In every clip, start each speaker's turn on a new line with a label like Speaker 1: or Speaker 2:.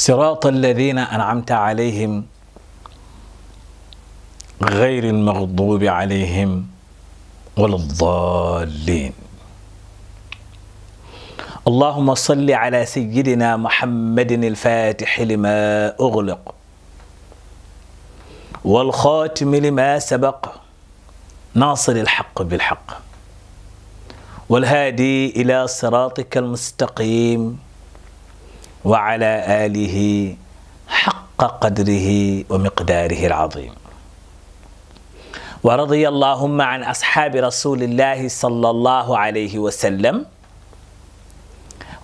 Speaker 1: صراط الذين أنعمت عليهم غير المغضوب عليهم ولا الضالين اللهم صل على سيدنا محمد الفاتح لما أغلق والخاتم لما سبق ناصر الحق بالحق والهادي إلى صراطك المستقيم وعلى آله حق قدره ومقداره العظيم ورضي اللهم عن أصحاب رسول الله صلى الله عليه وسلم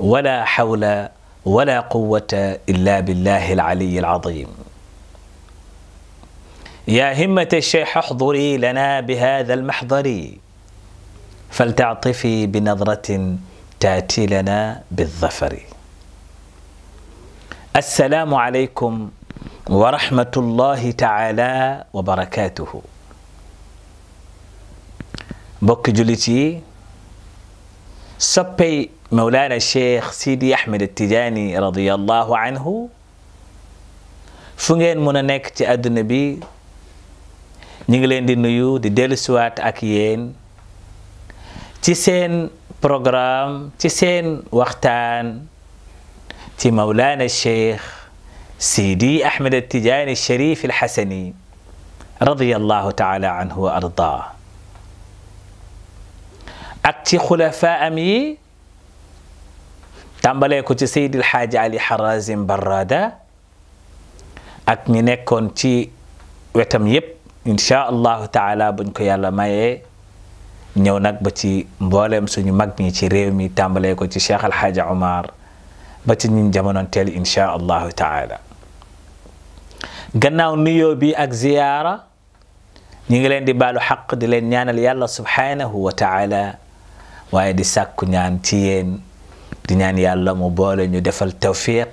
Speaker 1: ولا حول ولا قوة إلا بالله العلي العظيم يا همة الشيخ احضري لنا بهذا المحضر فلتعطفي بنظرة تأتي لنا بالظفر assalaamu aleykum wa rahmatullahi taala wa barakaatuhu bokk jullit yi soppey mawlaana cheikh sidi ahmed tijaani radiallahu anhu fu ngeen mun a nekk ci àdduna bi ñu ngi leen di nuyu di dellusiwaat ak yéen ci seen programme ci seen waxtaan تي مولانا الشيخ سيدي أحمد التجاني الشريف الحسني رضي الله تعالى عنه وأرضاه أكتي خلفاء أمي tàmbalee ko ci Seydil Xaaji Ali Harazim Barrada ak ñi nekkoon ci wetam yépp insha allahu taala buñ ko yàlla mayee ñëw nag ba ci mbooleem suñu mag ñi ci réew mi tàmbalee ko ci Cheikh Alxaaji Omar ba ci ñin jamonoon teel inchaa allahu taala gannaaw nuyoo bi ak ziyaara ñi ngi leen di baalu xaq di leen ñaanal yàlla subhaanahu wa taala waaye di sàkku ñaan ci yéen di ñaan yàlla mu boole ñu defal tawfiq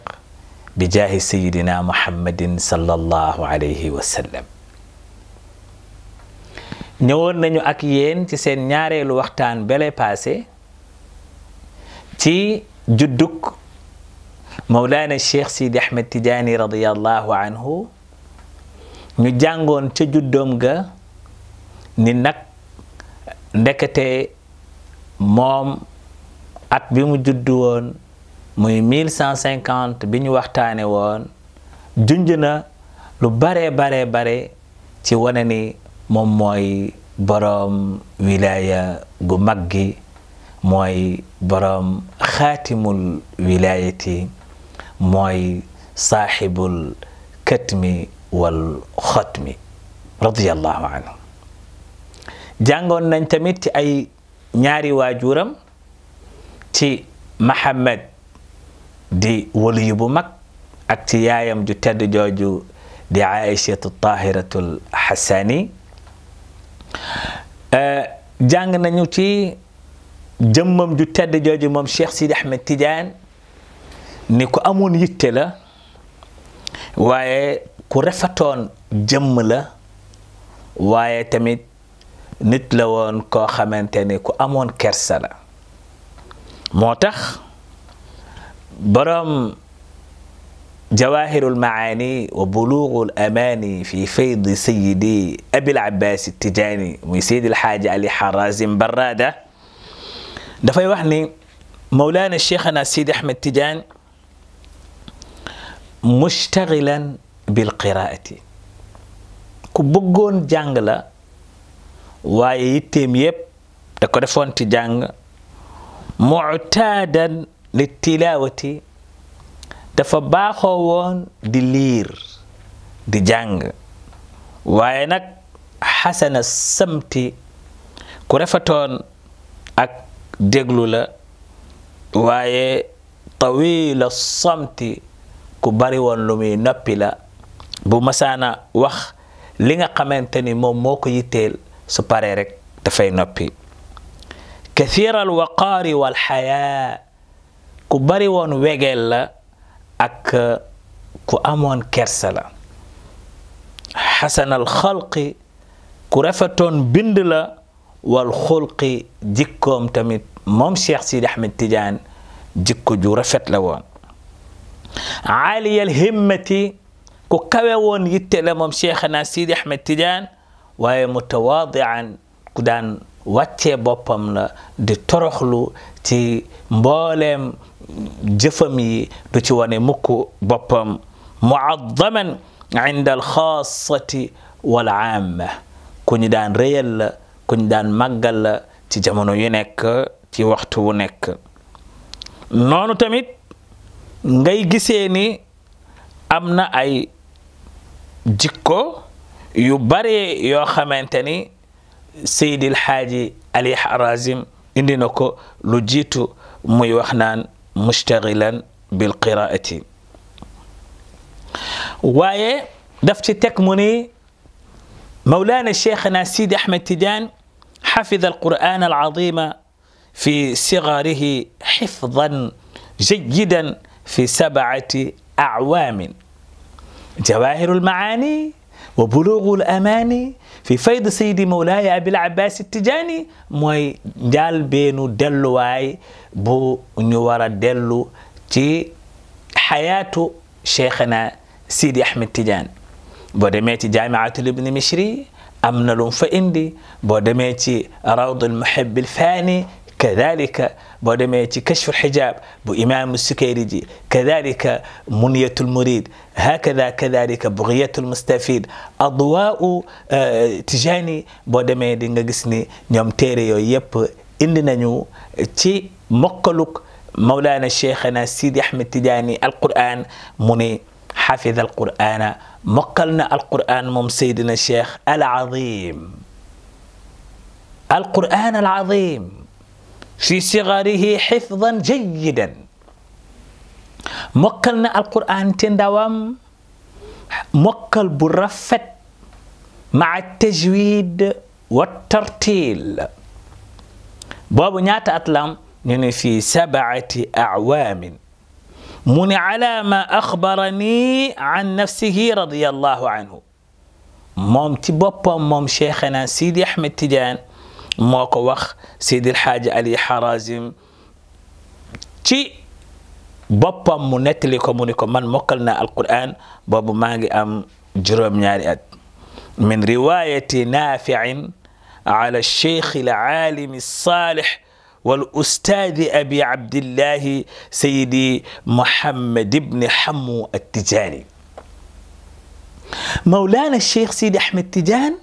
Speaker 1: bi jaahi sayidina muhammadin sallallahu alayhi wa sallam ñëwoon nañu ak yéen ci seen ñaareelu waxtaan bele passé ci judduk Mawlaana Cheikh Sidi Ahmed Tidiane radiyallahu anhu ñu jàngoon ca juddoom ga ni nag ndekete moom at bi mu juddu woon muy mille cent bi ñu waxtaane woon junj na lu bare bare bare ci wane ni moom mooy boroom wilaaya gu mag gi mooy boroom xaatimul wilaayati mooy saaxibul katmi wal xotmi radiallahu anhu jàngoon nañ tamit ci ay ñaari waajuram ci Mahamad di waliyu bu mag ak ci yaayam ju tedd jooju di Aïchatu Tahiratul Xassani eh, jàng nañu ci jëmmam ju tedd jooju moom Cheikh Sidi Ahmed Tidiane ni ku amoon yitte la waaye ku rafetoon jëmm la waaye tamit nit la woon koo xamante ni ku amoon kersa la moo tax boroom jawaahirul maani wa buluugul amaani fi faydi sayidi abil abbaas tijaani muy sayid alxaaji ali xarazim barrada dafay wax ni mawlaana cheikhana sidi ahmed tijaan mustaxilan bil qiraati ku bëggoon jàng la waaye yitteem yépp da ko defoon ci jàng muctaadan li tilaawati dafa baaxoo woon di liir di jàng waaye nag xasana samti ku refatoon ak déglu la waaye tawila samti ku bari woon lu muy noppi la bu masaana wax li nga xamante ni moom moo ko yitteel su paree rek dafay noppi kathira al waqaari wal xayaa ku bari woon wegeel la ak uh, ku amoon kersa la xasanal xalqi ku rafetoon bind la wal xulqi jikkoom tamit moom Cheikh Sidi Ahmed Tidiane jikko ju rafet la woon aliyal himmati ku kawe woon yitte la moom cheikhana sidi ahmed tidiane waaye mutawaadian ku daan wàccee boppam la di toroxlu ci mbooleem jëfam yi du ci wane mukk boppam muaddaman inda alxaasati wal aama ku ñu daan réyal la ku ñu daan màggal la ci jamono yu nekk ci waxtu wu nekk noonu tamit ngay gisee ni am na ay jikko yu bare yoo xamante ni Seydil Xaaji Ali Harazim indi na ko lu jiitu muy wax naan mustagilan bil qiraati waaye daf ci teg mu ni mawlaana cheikhna Sidi Ahmed Tidiane xafida alquran alazima fi sigarihi xifdan jayidan fi sab'ati a'waamin jawaahiru al-maani wa buluugu al-amaani fi fayd sayidi mawlaaya abil abbaas tijaani mooy njaal beenu delluwaay bu ñu war a dellu ci xayaatu cheikhna sidi ahmed tijaani boo demee ci jaamiatul ibni mishri am na lu mu fa indi boo demee ci rawdul muhibbil faani كذلك بودميتي كشف الحجاب بإمام السكيرجي كذلك منية المريد هكذا كذلك بغية المستفيد أضواء آه، تجاني بودميدي نغسني نيوم تيريو يب إننا نيو تي مقلوك مولانا شيخنا سيدي أحمد تجاني القرآن مني حفظ القرآن مقلنا القرآن مم سيدنا الشيخ العظيم القرآن العظيم في صغره حفظا جيدا مكلنا القرآن تندوام مكل برفت مع التجويد والترتيل بابو نياتا أتلام يعني في سبعة أعوام من على ما أخبرني عن نفسه رضي الله عنه مومتي بوبا موم شيخنا سيدي أحمد تيجان moko ko wax Seydil Xaaji Ali Harazim ci bopam mu netli ko mu ni ko man mokalna naa alquran bobu mangi am jurom naari at min riwayati nafi' ala alcheikh alaalimi alsalih والاستاذ ابي عبد الله سيدي محمد بن حمو التجاني مولانا الشيخ سيدي احمد تجان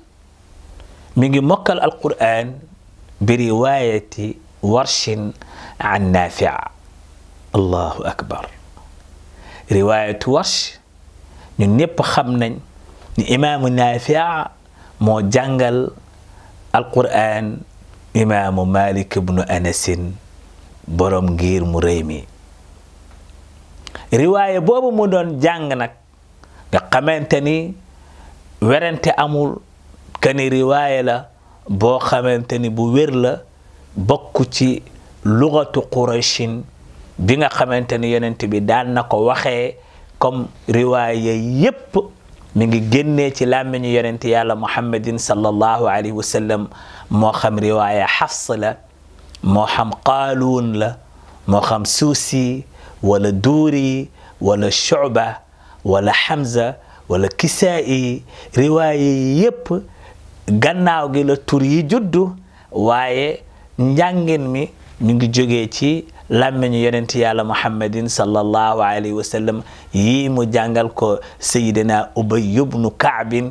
Speaker 1: mi ngi mokkal alquran bi riwaayati warshin an naafi'a allahu akbar riwaayatu warsh ñun ñépp xam nañ ni imaamu naafi'a moo jàngal alquran imaamu malik ibnu anasin borom ngir mu rëy mi riwaaya boobu mu doon jàng nag nga xamante ni werante amul kani riwaaya la boo xamante ni bu wér la bokk ci lugatu quraychin bi nga xamante ni yonent bi daan na ko waxee comme riwaaya yépp mi ngi génnee ci làmmiñu yonent yàlla muhammadin sallallahu alayhi wa sallam moo xam riwaaya xafs la moo xam qaaluun la moo xam suusi wala duuri wala shuba wala hamza wala kisaa'i riwaaya yépp gannaaw gi la tur yi juddu waaye njàngin mi ñu ngi jógee ci làmmiñu yonent yàlla muhammadin sallallahu alayhi wa sallam yii mu jàngal ko sayidina ubay ibnu kaabin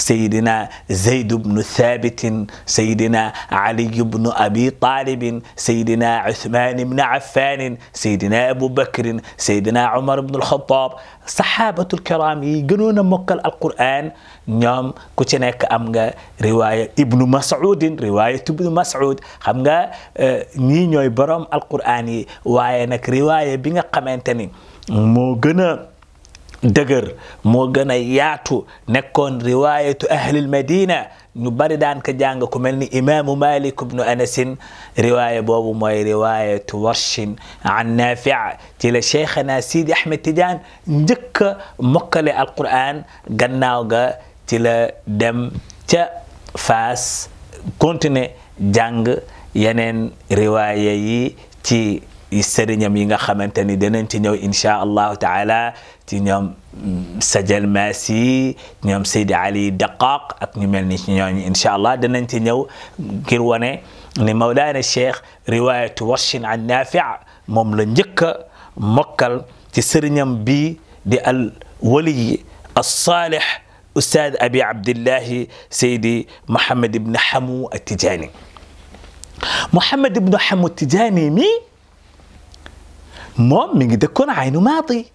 Speaker 1: سيدنا زيد بن ثابت سيدنا علي بن أبي طالب سيدنا عثمان بن عفان سيدنا أبو بكر سيدنا عمر بن الخطاب صحابة الكرام يقولون مقال القرآن نعم كتناك أمغا رواية ابن مسعود رواية ابن مسعود خمغا آه، نينيو برام القرآن وعينك رواية بنا قمانتني مو dëgër moo gën a yaatu nekkoon riwaayatu ahlil madina ñu bari daan ka jàng ku mel ni imaamu malik ibnu anasin riwaaya boobu mooy riwaayatu warshin an nafia ci la cheikhana sidi ahmed tidiane njëkk a mokkale alquran gannaaw ga ci la dem ca fas continuer jàng yeneen riwaaya yi ci sëriñam yi nga xamante ni dinañ ci ñëw incha allahu taala ci ñoom Sajal Maasi ñoom Seydi Ali Daqaq ak ñu mel ni ci ñooñu incha allah dinañ ci ñëw ngir wane ni Mawlaana Cheikh riwaayatu washin an Naafi moom la njëkk a mokkal ci sëriñam bi di al wali as-saalih ustaad abi abdillahi Seydi Mohamed Ibn Hamu Tijaani Mohamed Ibn Hamu Tijaani mi مؤمن دكون عين ماضي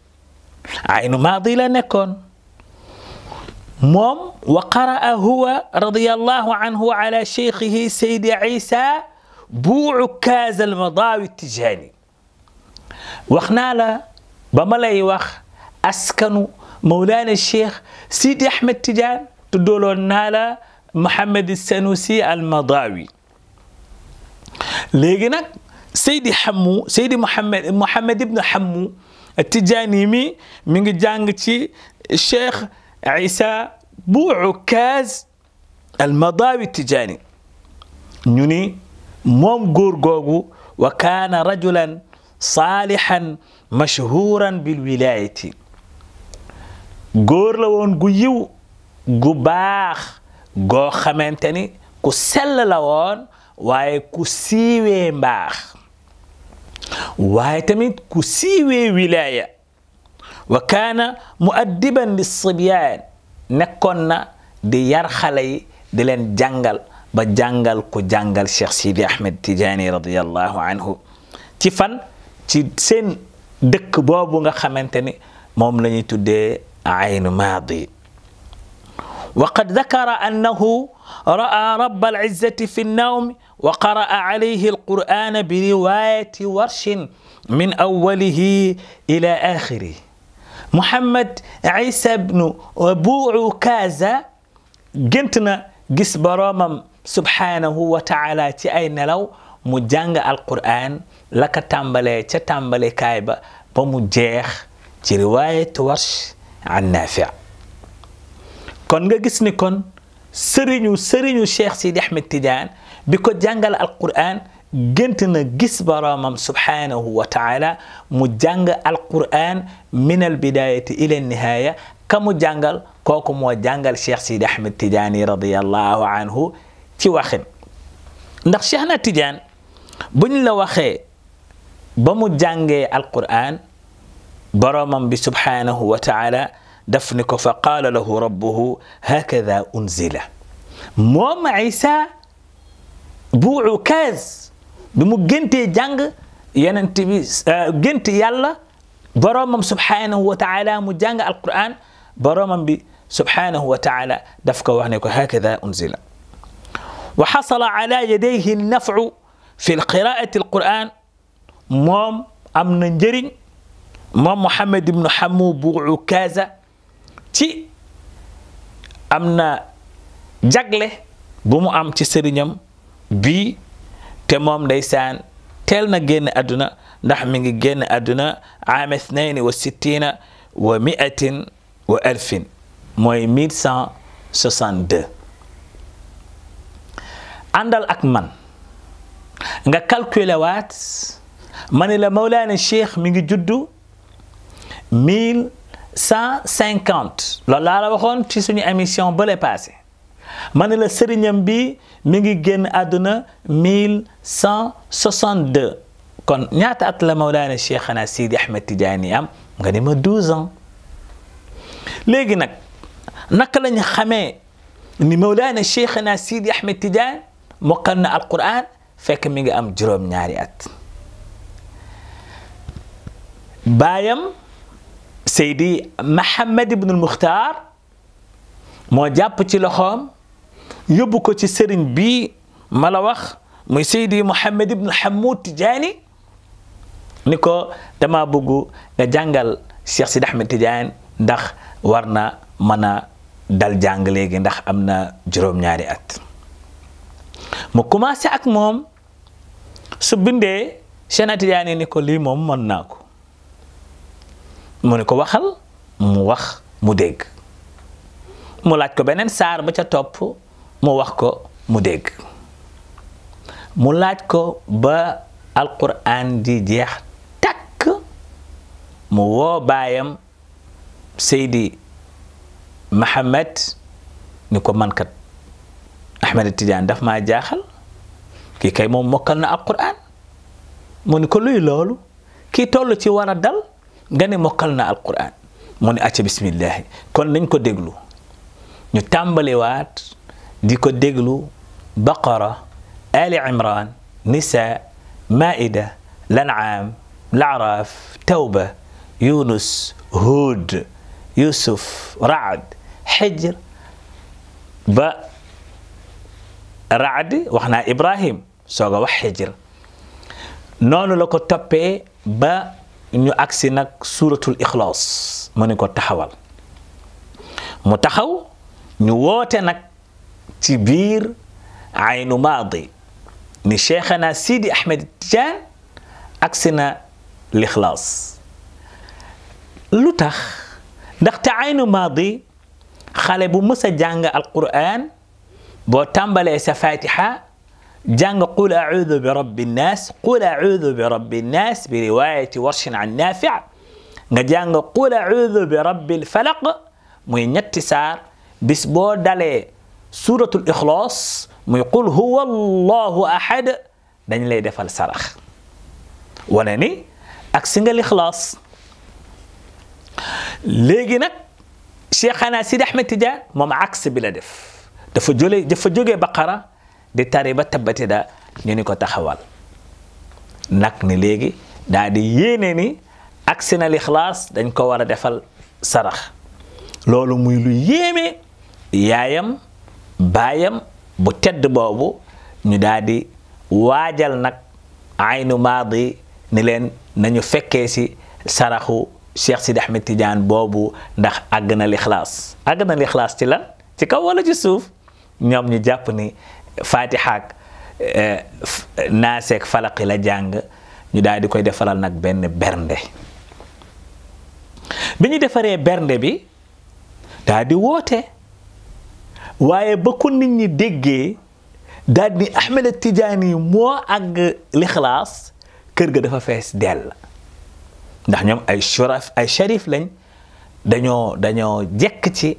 Speaker 1: عين ماضي لا نكون مم وقرأ هو رضي الله عنه على شيخه سيد عيسى كاز المضاوي التجاني وخنالا بملاي وخ أسكنوا مولانا الشيخ سيدي أحمد تجان تدولون نالا محمد السنوسي المضاوي لكنك سيدي حمو سيدي محمد محمد ابن حمو التجانيمي من جانجتي الشيخ عيسى بو عكاز المضاوي التجاني نوني موم غور غوغو وكان رجلا صالحا مشهورا بالولاية غور لون غيو غباخ غو خمانتني كسل لون واي كسيوين باخ وفيتامين كسيوي ولاية وكان مؤدبا للصبيان نكونا دي يرخلي دي لين جنجل بجنجل كو جنجل شيخ سيدي أحمد تجاني رضي الله عنه تفن تسين دك بابو nga xamanteni mom lañuy tuddé aynu madi وقد ذكر أنه رأى رب العزة في النوم وقرأ عليه القرآن برواية ورش من أوله إلى آخره محمد عيسى بن عكازة جنتنا جس برامم سبحانه وتعالى تأين لو مجانج القرآن لك تنبلي تتنبلي كايبة بمجيخ ترواية ورش عن نافع kon nga gis ni kon sëriñu sëriñu cheikh Sidi Ahmed tijaan bi ko jàngal alquran gént na gis boroomam subhanahu wa taala mu jàng alquran min albidayati ila nihaaya ka mu jàngal kooku moo jàngal cheikh Sidi Ahmed Tidiane radiallahu anhu ci waxin ndax cheikh na Tidiane buñ la waxee ba mu jàngee alquran boroomam bi subhanahu wa taala دفنك فقال له ربه هكذا أنزله موم عيسى بو عكاز بمجنتي جنغ ينتبي آه، جنتي يلا برام سبحانه وتعالى مجنغ القرآن برام سبحانه وتعالى دفك وهنك هكذا أنزل وحصل على يديه النفع في القراءة القرآن موم أمن جرين موم محمد بن حمو بو عكازة ci am na jagle bu mu am ci sëriñam bii te moom day ndeysaan teel na génn àdduna ndax mi ngi génn àdduna am ithnaini wa sittina wa miatin wa alfin mooy 1162 àndal ak man nga calculer waat la Mawlaana Cheikh mi ngi juddu 150 loolu laa la waxoon ci suñu émission bële passé ma ne la sëriñam bi mi ngi génn àdduna 1162 kon ñaata at la Mawlaana Cheikhana Sidi Ahmed Tidiane am nga ni ma 12 ans léegi nag naka lañ xamee ni Mawlaana Cheikhana Sidi Ahmed Tidiane mokkal na Alquran fekk mi ngi am juróom-ñaari at baayam. Seydi Mahamad Ibnul Muxtaar moo jàpp ci loxoom yóbbu ko ci sëriñ bi ma la wax muy Seydi Mouhamed Ibn Hamoud Tidiane ni ko dama bëgg nga jàngal Cheikh Sidi Ahmed Tidiane ndax war na mën a dal jàng léegi ndax am na juróom-ñaari at mu commencé ak moom su bindee Cheikh Tidiane ni ko lii moom mën naa ko. mu ne ko waxal mu wax mu dégg mu laaj ko beneen saar ba ca topp mu wax ko mu dégg mu laaj ko ba alquran di jeex takk mu woo baayam Seydi Mahamad ni ko mankat Ahmed Tidiane daf ma jaaxal kii kay moom mokkal na alquran mu ni ko luy loolu kii toll ci war dal gane mokalna alquran moni ne bismillah kon nagn ko déglu ñu tambale wat diko déglu baqara ali imran nisa maida lanam la'raf tauba yunus huud yusuf racd xijr ba racdi wax naa ibrahim soog a wax xijr noonu la ko ba ñu agsi nag suuratul ixlaas mu ni ko taxawal mu taxaw ñu woote nag ci biir aynu maadi ni cheikhana sidi ahmed tidiane agsi na lixlaas lu tax ndaxte aynu maadi xale bu mës a jàng alquran boo tàmbalee sa fatiha جان قل أعوذ برب الناس قل أعوذ برب الناس برواية ورش عن نافع جان قل أعوذ برب الفلق من يتسار بسبور دالي سورة الإخلاص يقول هو الله أحد دان لي دفال سرخ ونني أكسنغ الإخلاص léegi شيخنا سيدي أحمد تجاه Ahmed Tidiane بلا دف bi la بقرة di tari ba tabbati da ñu ni ko taxawal nag ni léegi daadi di yéene ni agsi na dañ ko war a defal sarax loolu muy lu yéeme yaayam baayam bu tedd boobu ñu daa waajal nag aynu maadi ni leen nañu fekkee si saraxu Cheikh Sidi Ahmed Tidiane boobu ndax àgg na lixlaas àgg ci lan ci kaw wala ci ñoom ñu jàpp ni faatixaak eh, naaseek falaqi la jàng ñu daal koy defaral nag benn bernde bi ñu defaree bernde bi daadi woote waaye ba ko nit ñi déggee daal di ni Ahmed Tidiane yi moo kër ga dafa fees dell ndax ñoom ay shuraf ay sharif lañ dañoo dañoo jekk ci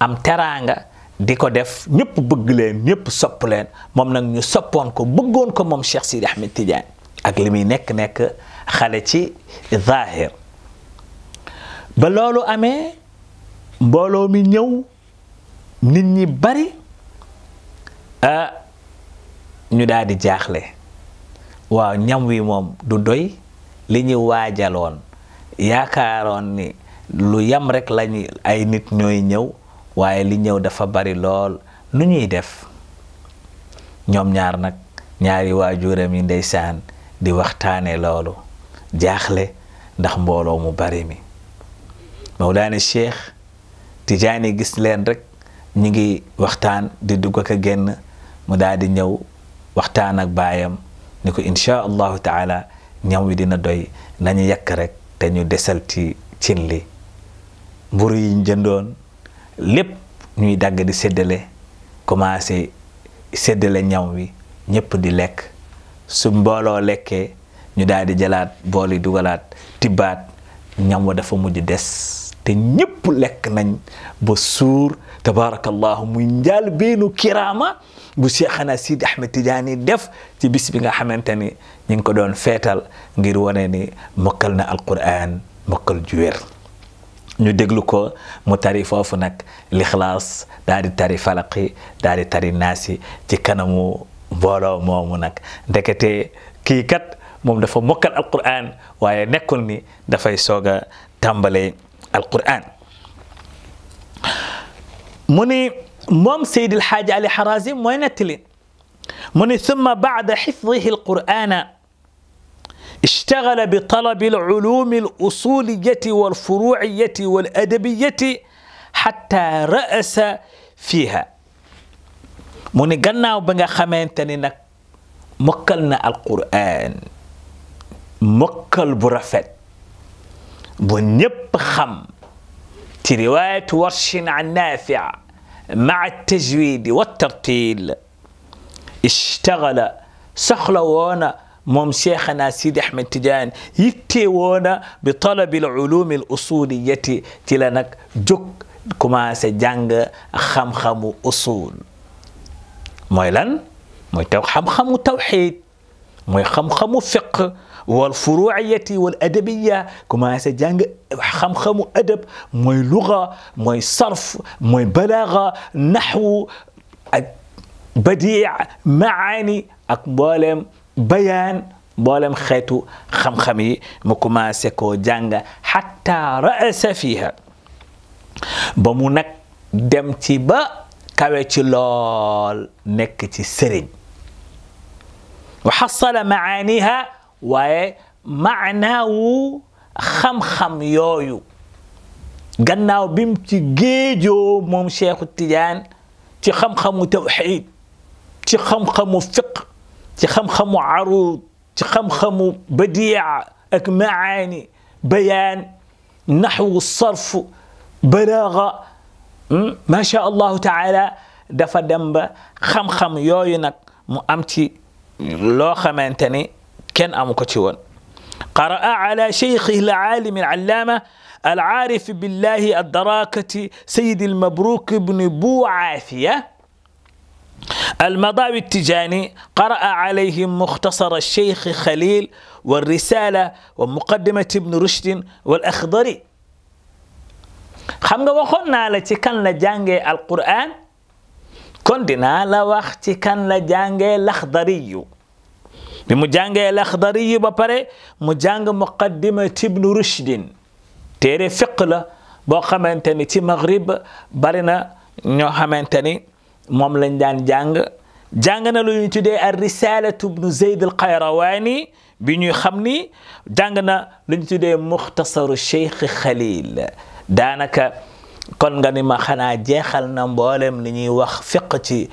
Speaker 1: am teraanga di ko def ñëpp bëgg leen ñëpp sopp leen moom nag ñu soppoon ko bëggoon ko moom Cheikh Sidi Ahmed Tidiane ak li muy nekk-nekk xale ci zaahir ba loolu amee mbooloo mi ñëw nit ñi bari ah ñu daal jaaxle waaw ñam wi moom du doy li ñu waajaloon yaakaaroon ni lu yam rek lañu ay nit ñooy ñëw waaye li ñëw dafa bari lool lu ñuy def ñoom ñaar nag ñaari waajuram yi ndeysaan di waxtaane loolu jaaxle ndax mbooloo mu bari mi Mawlaana Cheikh Tijaani gis leen rek ñu ngi waxtaan di dugg ak a génn mu daal ñëw waxtaan ak baayam ni ko inchaa allahu taala ñam wi dina doy nañu yekk rek te ñu desal ci cin li mburu yi jëndoon lépp ñuy dagg di séddale commencé seddale ñam wi ñëpp di lekk su mbooloo lekkee ñu daal di jëlaat bool yi dugalaat tibbaat ñam wa dafa mujj des te ñëpp lekk nañ ba suur tabaarakallahu mu njaal beenu kiraama bu Cheikhana Sidi Ahmed Tidiane def ci bis bi nga xamante ni ñu ngi ko doon feetal ngir wane ni mokkal na Alqur'an mokkal ju wér ñu déglu ko mu tari foofu nag lixlaas daal di tari falaqi dadi di tari naasi ci kanamu mbooloo moomu nag ndekete kii kat moom dafa mokkal alquran waaye nekkul ni dafay soog a tàmbale alquran mu ni moom Seydil Xaaji Ali Harazim mooy nettali mu ni thumma bada xifdihi alqurana اشتغل بطلب العلوم الأصولية والفروعية والأدبية حتى رأس فيها موني قلنا وبنغا خمانتاني نك مكلنا القرآن مكل برفت بنيب خم ترواية ورش عن نافع مع التجويد والترتيل اشتغل سخلوانا موم شيخنا سيد احمد تجان يتيونا بطلب العلوم الاصوليه تلانك جوك كما سجانغ خم خم اصول مويلان موي خم خم توحيد موي خم خم فقه والفروعيه والادبيه كما سجانغ خم خم ادب موي لغه موي صرف موي بلاغه نحو بديع معاني اكبالم bayaan mboolem xeetu xam-xam yi mu commencé koo jàng xatta ra'asa fiiha ba mu nag dem ci ba kawe ci lool nekk ci sëriñ wa xasala maaniha waaye maanaawu xam-xam yooyu gannaaw bim ci géejoo moom cheikhu tidiane ci xam-xamu tawxid ci xam-xamu fiq تخم خمو عروض تخم خمو بديع أك معاني بيان نحو الصرف بلاغة ما شاء الله تعالى دفا دمب خم خم يوينك مؤمتي لو خمانتني كان أمكتون قرأ على شيخه العالم العلامة العارف بالله الدراكة سيد المبروك بن بوعافية المضاوي التجاني قرأ عليهم مختصر الشيخ خليل والرسالة ومقدمة ابن رشد والأخضري خمغا وخونا لتي كان لجانجي القرآن كندنا لوقت كان لجانجي الأخضري بمو جانجي الأخضري بباري مو مقدمة ابن رشد تيري فقل بو خمانتاني تي مغرب بارنا نو خمانتاني moom lañ daan jàng jàng na lu ñu tuddee ar risalatu bnu zeyd al qayrawaani bi ñuy xam ni jàng na lu ñu tuddee muxtasaru cheikh xalil daanaka kon nga ni ma xanaa jeexal na mboolem li ñuy wax fiq ci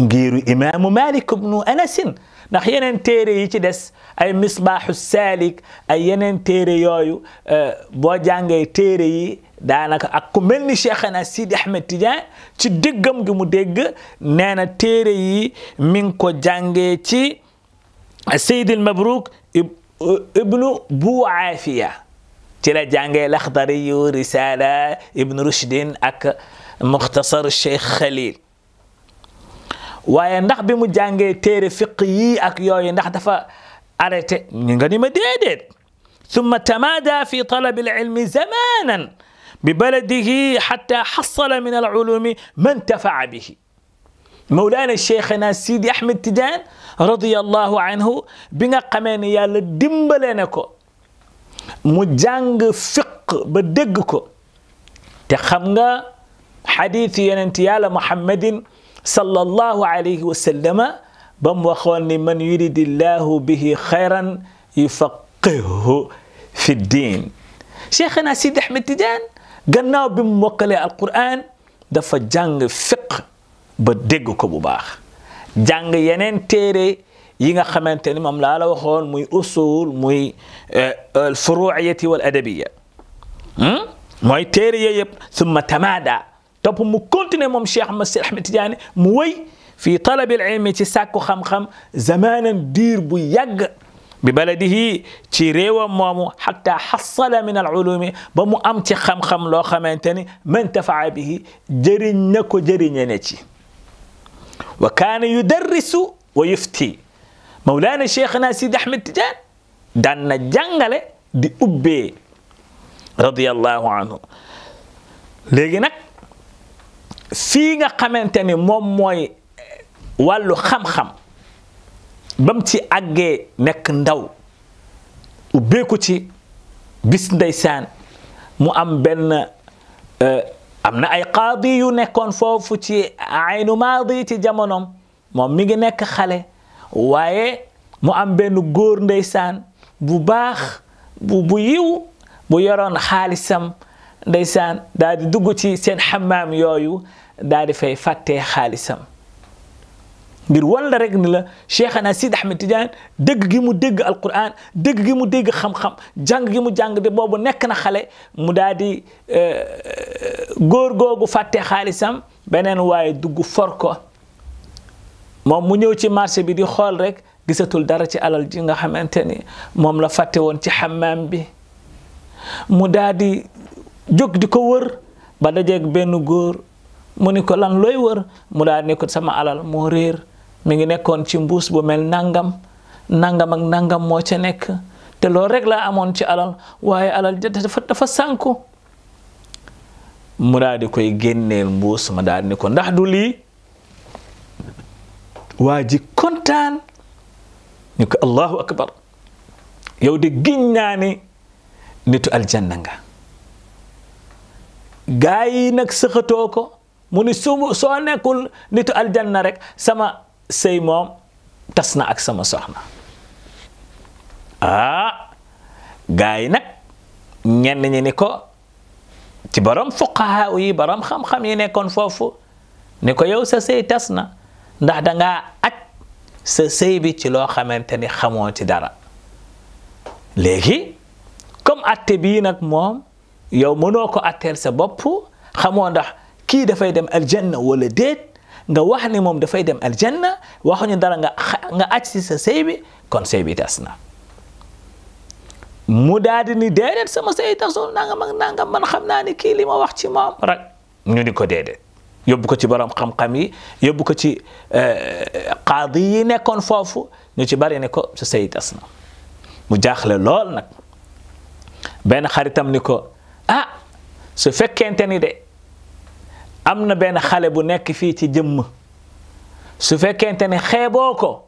Speaker 1: ngiiru imaamu malik bnu anasin ndax yeneen téere yi ci des ay misbaaxu saalik ay yeneen téere yooyu eh, boo jàngee téere yi daanaka ak ku mel ni Cheikhana Sidi Ahmed Tidiane ci déggam gi mu dégg nee na téere yi mi ngi ko jàngee ci Seydil Mabrouk ibnu Bu Aafiya ci la jàngee Laxdariyu Risala Ibn Rushdin ak Muxtasar Cheikh Khalil waaye ndax bi mu jàngee téere fiq yi ak yooyu ndax dafa arrêté ñu nga ni ma déedéet ثم تمادى في طلب العلم زمانا ببلده حتى حصل من العلوم ما انتفع به مولانا الشيخنا سيدي أحمد تجان رضي الله عنه بنا قمان يالا دمبلنكو مجانج فق بدقكو تخمغا حديث يننتي يالا محمد صلى الله عليه وسلم بم وخون من يريد الله به خيرا يفقهه في الدين شيخنا سيدي أحمد تجان gannaaw bi mu mokkalee alquran dafa jàng fiq ba dégg ko bu baax jàng yeneen téere yi nga xamante ni moom laa la waxoon muy usul muy alfuruiyati wal adabiya mooy téere yooyu yëpp summa tamada topp mu continue moom Cheikh Ahmed Sidi Ahmed Tidiane mu wëy fii talabil ilmi ci sàkku xam-xam zamanan diir bu yàgg bi baladihi ci réewam moomu xataa xasala min alulumi ba mu am ci xam-xam loo xamante ni man tafaa bihi jëriñ na ko jëriñe ne ci wa kaana yudarrisu wa yufti mawlaana cheikhna Sidi Ahmed Tidiane daan na jàngale di ubbee radiyallahu anhu léegi nag fii nga xamante ni moom mooy wàllu xam-xam ba ci agge nekk ndaw ubbeeku ci bis ndeysaan mu am benn euh, am na ay qaadi yu nekkoon foofu ci aynu maadi ci jamonoom moom mi ngi nekk xale waaye mu am benn góor ndeysaan bu baax bu bu yiw bu yoroon xaalisam ndeysaan daal di dugg ci seen xamaam yooyu daal di fay fàttee xaalisam ngir walla rekk ni la Cheikhana Sidi Ahmed Tidiane dégg gi mu dégg Alquran dégg gi mu dégg xam-xam jàng gi mu jàng de boobu nekk na xale mu daal di euh, euh, góor googu fàtte xaalisam beneen waaye dugg for ko moom mu ñëw ci marché bi di xool rek gisatul dara ci alal ji nga xamante ni moom la fàtte woon ci xammaam bi mu daal di jóg di ko wër ba dajeeg benn góor mu ni ko lan looy wër mu daal ni sama alal moo réer mi ngi nekkoon ci mbuus bu mel nangam nangam ak nangam moo ca nekk te loolu rek laa amoon ci alal waaye alal dafa dafa sànku mu daal di koy génneel mbuus ma daal ni ko ndax du lii waa ji kontaan ni ko allahu akbar yow di giñ naa nitu aljanna nga gaa yi nag sëxatoo ko mu ni su soo nekkul nitu aljanna rek sama sëy moom tas na ak sama soxna ah gaa yi nag ñenn ñi ni ko ci borom fuqaha yi borom xam-xam yi nekkoon foofu ni ko yow sa sëy tas na ndax danga aj sa sëy bi ci loo xamante ni xamoo ci dara léegi comme atte bii nag moom yow mënoo ko atteel sa bopp xamoo ndax kii dafay dem aljanna wala déet nga wax ne moom dafay dem aljanna waxuñu dara nga nga aj si sa sëy kon sëy bi tas na mu daal di ni déedéet sama sëy tasul nanga mag nanga man xam naa ni li ma wax ci moom rek ñu ni ko déedéet yóbbu ko ci borom xam-xam yi yóbbu ko ci eh, qaadi yi nekkoon foofu ñu ci bari ne ko sa sëy tas na mu jaaxle lool nag benn xaritam ni ko ah su fekkente ni de أمنا بين خالبو نك في تجمع سوف يكون تاني خيبوكو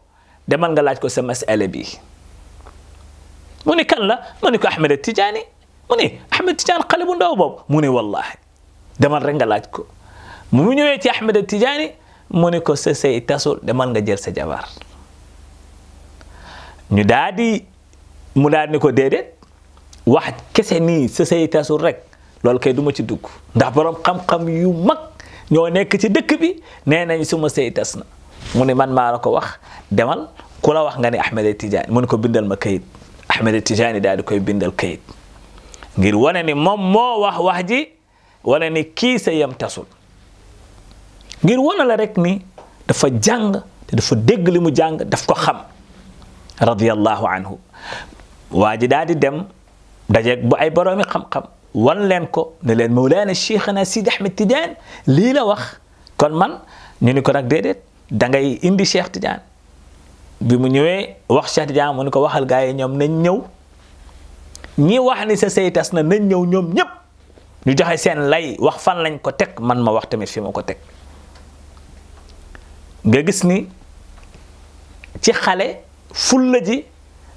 Speaker 1: ده من قلاتكو سمس ألبي موني كان لا موني كو أحمد التجاني موني أحمد التجاني قلبو ندو باب موني والله ده من رنگ قلاتكو مونيو يتي أحمد التجاني موني كو سسي اتصول ده من قجل سجبار نو دادي مولاد نكو ديدت واحد كسه ني سسي اتصول رك loolu kay du ci dugg ndax boroom xam-xam yu mag ñoo nekk ci dëkk bi nee nañ suma sëy tas na mu ne man maa la ko wax demal ku la wax nga ne Ahmed Tidiane mu ne ko bindal ma kayit Ahmed Tidiane daal di koy bindal kayit ngir wane ni moom moo wax wax ji wane ni kii sëyam tasul ngir wane la rek ni dafa jàng te dafa dégg li mu jàng daf ko xam radiyallahu anhu waa ji daal di dem dajeeg bu ay boroomi xam-xam wan leen ko ne leen Mawlaana Cheikhana Sidi Ahmed Tidiane lii la wax kon man ñu ni ko nag déedéet da ngay indi Cheikh Tidiane bi mu ñëwee wax Cheikh Tidiane mu ni ko waxal gaa yi ñoom nañ ñëw ñi wax ni sa sëy na nañ ñëw ñoom ñëpp ñu joxe seen lay wax fan lañ ko teg man ma wax tamit fi ma ko teg nga gis ni ci xale fulla ji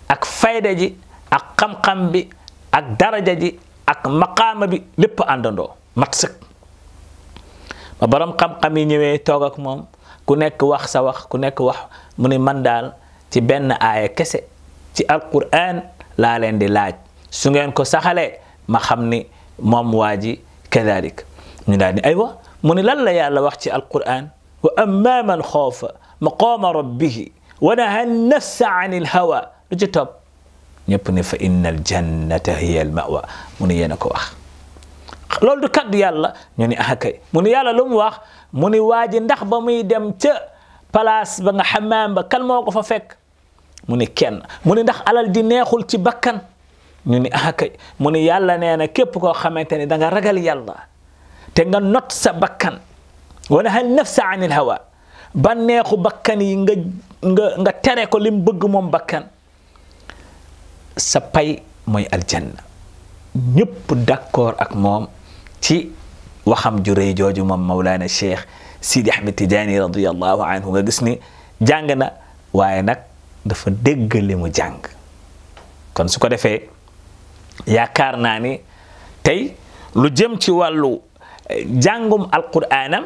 Speaker 1: ak fayda ji ak xam-xam bi ak daraja ji ak maqama bi lépp andando mat sëkk ba baram xam-xam yi ñewé tok ak mom ku nekk wax sa wax ku nekk wax mune man dal ci benn aaya kese ci alquran la len di laaj su ngeen ko saxale ma xamni mom waji waa ñu dal ni ay wa mune lan la yàlla wax ci alquran wa amma man xoofa maqama rabbih wa naha nafsa an hawa lu ci ñëpp ne fa inna al jannata hiya al mawa mu ne yéen ko wax loolu du kaddu yàlla ñu ni ah kay mu ne yàlla lu mu wax mu ne waa ji ndax ba muy dem ca place ba nga xamaam ba kan fa fekk mu ni kenn mu ne ndax alal ji neexul ci bakkan ñu ne ah kay mu ne yàlla nee na képp koo xamante ne da nga ragal yàlla te nga not sa bakkan wala hal nafsa anil hawa ba neexu bakkan yi nga nga nga tere ko lim bëgg moom bakkan sa pay mooy aljanna ñëpp d'accord ak moom ci waxam ju jooju moom Mawlana Cheikh Sidi Ahmed Tidiane radiyallahu anhu nga gis ni jàng na waaye nag dafa dégg li mu jàng kon su ko defee yaakaar naa ni tey lu jëm ci wàllu eh, njàngum alquraanam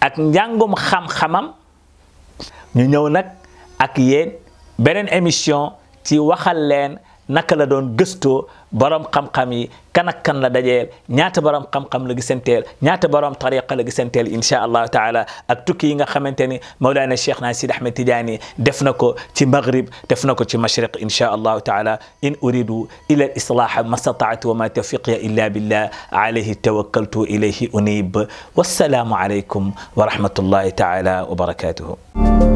Speaker 1: ak njàngum xam-xamam ñu ñëw nag ak yéen beneen émission ci waxal leen naka la doon gëstoo borom xam-xam yi kan ak kan la dajeel ñaata borom xam-xam la gisanteel ñaata borom tariqa la gisanteel incha allahu taala ak tukki yi nga xamante ni Mawlana Cheikh na Sidi Ahmed Tidiane def na ko ci maghrib def na ko ci mashriq incha allahu taala in uridu ila al islaha ma stataatu wa ma tawfiqiya illa billah alayhi tawakkaltu ilayhi unib wassalaamu alaykum wa rahmatullahi taala wa barakatuhu